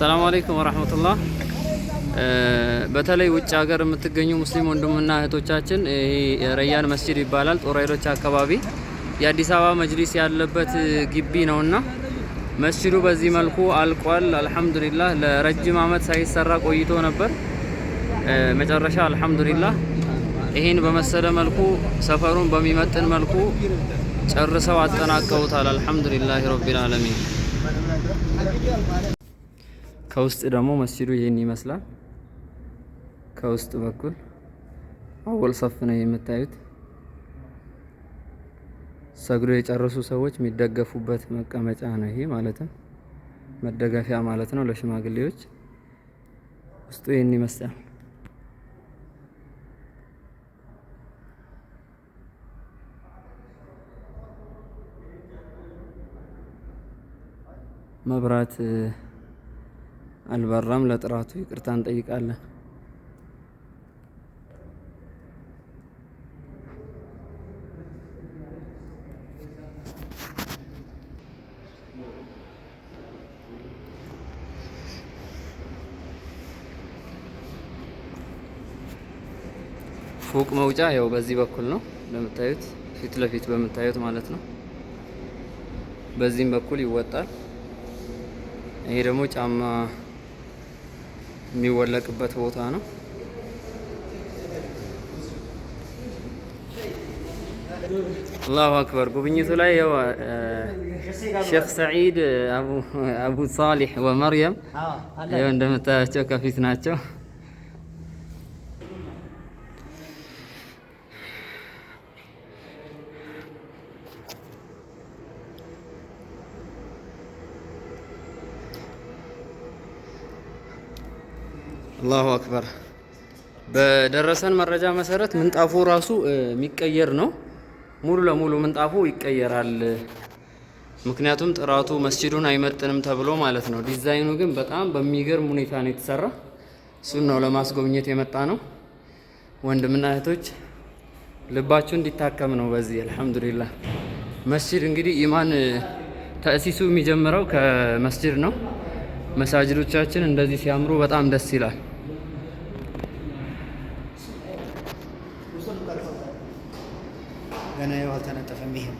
ሰላም አለይኩም ወራህመቱላህ። በተለይ ውጭ ሀገር የምትገኙ ሙስሊም ወንድምና እህቶቻችን ይሄ ረያን መስጂድ ይባላል። ጦር ኃይሎች አካባቢ የአዲስ አበባ መጅሊስ ያለበት ግቢ ነውና መስጂዱ በዚህ መልኩ አልቋል። አልሐምዱሊላህ ለረጅም ዓመት ሳይሰራ ቆይቶ ነበር። መጨረሻ አልሐምዱሊላህ ይህን በመሰለ መልኩ ሰፈሩን በሚመጥን መልኩ ጨርሰው አጠናቀውታል። አልሐምዱሊላህ ረቢል ዓለሚን ከውስጥ ደግሞ መስጂዱ ይህን ይመስላል። ከውስጥ በኩል አወል ሰፍ ነው የምታዩት። ሰግዶ የጨረሱ ሰዎች የሚደገፉበት መቀመጫ ነው ይሄ ማለትም መደገፊያ ማለት ነው ለሽማግሌዎች። ውስጡ ይህን ይመስላል። መብራት አልበራም። ለጥራቱ ይቅርታ እንጠይቃለን። ፎቅ መውጫ ያው በዚህ በኩል ነው እንደምታዩት፣ ፊት ለፊት በምታዩት ማለት ነው። በዚህም በኩል ይወጣል። ይሄ ደግሞ ጫማ የሚወለቅበት ቦታ ነው። አላሁ አክበር። ጉብኝቱ ላይ ያው ሼክ ሰዒድ አቡ ሳሊሕ ወመርየም እንደምታያቸው ከፊት ናቸው። አላሁ አክበር። በደረሰን መረጃ መሰረት ምንጣፉ ራሱ የሚቀየር ነው። ሙሉ ለሙሉ ምንጣፉ ይቀየራል። ምክንያቱም ጥራቱ መስጂዱን አይመጥንም ተብሎ ማለት ነው። ዲዛይኑ ግን በጣም በሚገርም ሁኔታ ነው የተሰራ። እሱን ነው ለማስጎብኘት የመጣ ነው። ወንድምና እህቶች ልባችሁ እንዲታከም ነው በዚህ አልሐምዱሊላህ። መስጂድ እንግዲህ ኢማን ተእሲሱ የሚጀምረው ከመስጂድ ነው። መሳጅዶቻችን እንደዚህ ሲያምሩ በጣም ደስ ይላል። غنايا وهل تنتفهم بهم